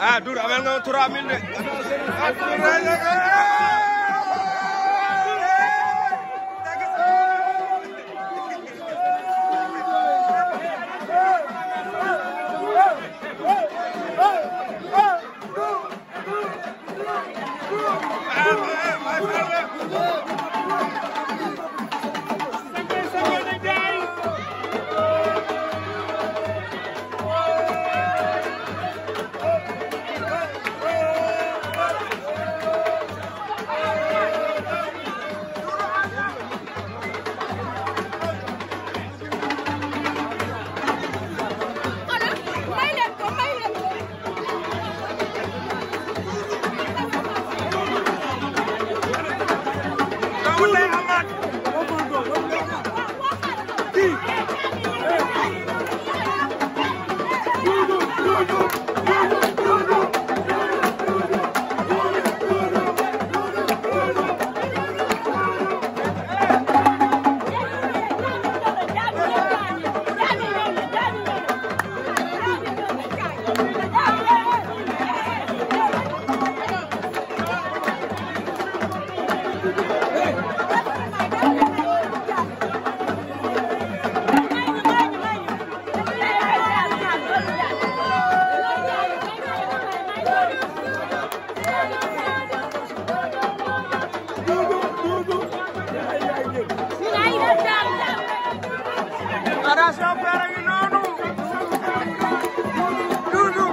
ah Doudou amel nga 3000 de attention père a ngi noonu Doudou Doudou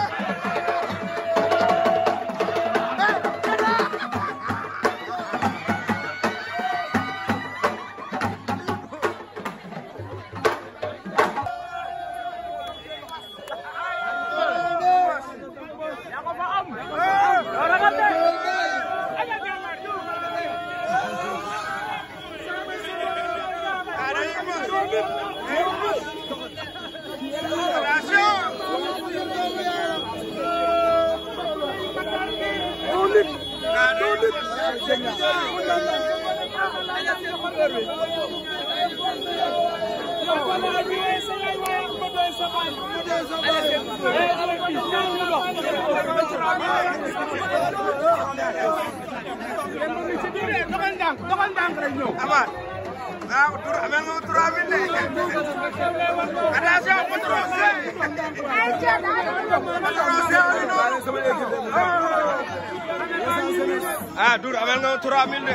lépp doo lépp doxal ndànk doxal ndànk rek ñëw abaat waaw tur amel moom trois mille attention patron patron ah Dour amel nga 3000 de.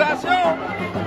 attention